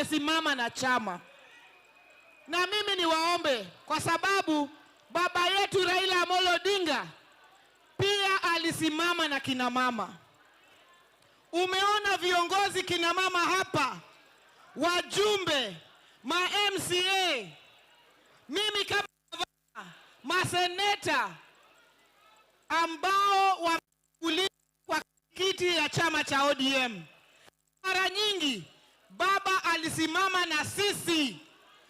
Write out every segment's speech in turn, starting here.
amesimama na chama. Na mimi niwaombe, kwa sababu baba yetu Raila Amolo Odinga pia alisimama na kinamama. Umeona viongozi kinamama hapa, wajumbe, ma MCA, mimi kama maseneta ambao wamechaguliwa kwa kiti ya chama cha ODM mara nyingi baba alisimama na sisi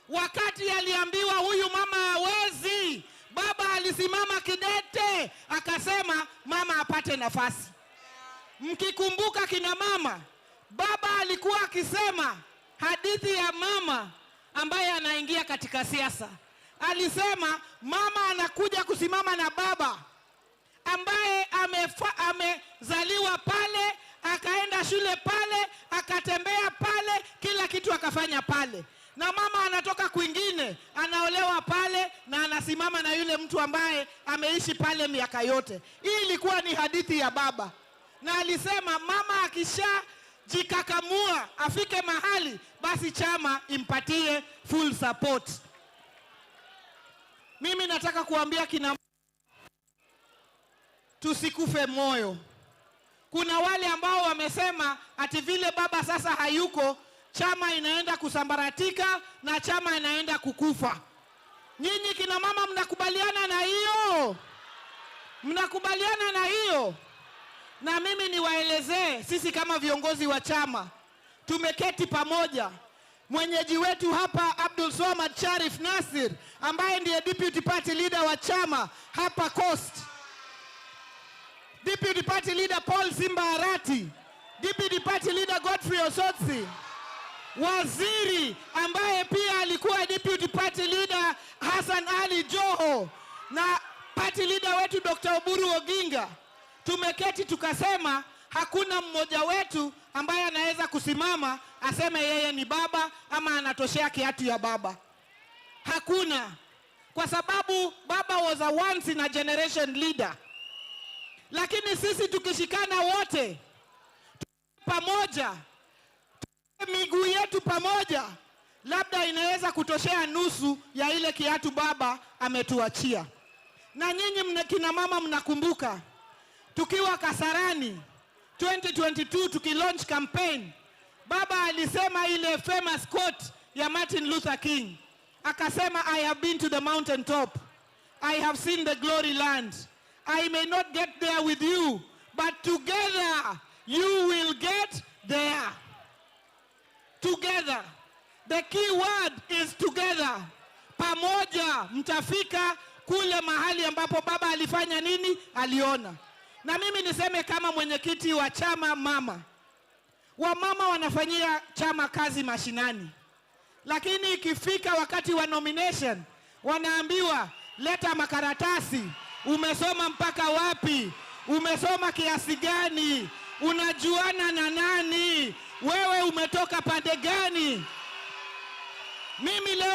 wakati aliambiwa huyu mama hawezi. Baba alisimama kidete, akasema mama apate nafasi. Mkikumbuka kina mama, baba alikuwa akisema hadithi ya mama ambaye anaingia katika siasa. Alisema mama anakuja kusimama na baba ambaye amezaliwa amezaliwa pale akaenda shule pale akatembea pale kitu akafanya pale, na mama anatoka kwingine anaolewa pale na anasimama na yule mtu ambaye ameishi pale miaka yote. Hii ilikuwa ni hadithi ya baba, na alisema mama akishajikakamua afike mahali basi chama impatie full support. Mimi nataka kuambia kina tusikufe moyo. Kuna wale ambao wamesema ati vile baba sasa hayuko chama inaenda kusambaratika na chama inaenda kukufa. Nyinyi kina mama, mnakubaliana na hiyo? Mnakubaliana na hiyo? Na mimi niwaelezee, sisi kama viongozi wa chama tumeketi pamoja. Mwenyeji wetu hapa Abdul Swamad Sharif Nasir ambaye ndiye deputy party leader wa chama hapa Coast, deputy party leader Paul Simba Arati, deputy party leader Godfrey Osotsi waziri ambaye pia alikuwa deputy party leader Hassan Ali Joho na party leader wetu Dr. Oburu Oginga, tumeketi tukasema hakuna mmoja wetu ambaye anaweza kusimama aseme yeye ni baba ama anatoshea kiatu ya baba. Hakuna, kwa sababu baba was a once in a generation leader, lakini sisi tukishikana wote pamoja miguu yetu pamoja, labda inaweza kutoshea nusu ya ile kiatu baba ametuachia. Na nyinyi mna kina mama, mnakumbuka tukiwa Kasarani 2022 tukilaunch campaign, baba alisema ile famous quote ya Martin Luther King, akasema I have been to the mountain top, I have seen the glory land, I may not get there with you but together you will get there together. The key word is together. Pamoja mtafika kule mahali ambapo baba alifanya nini? Aliona. Na mimi niseme kama mwenyekiti wa chama mama, wamama wanafanyia chama kazi mashinani, lakini ikifika wakati wa nomination wanaambiwa leta makaratasi, umesoma mpaka wapi, umesoma kiasi gani, unajuana na nani wewe umetoka pande gani? Mimi leo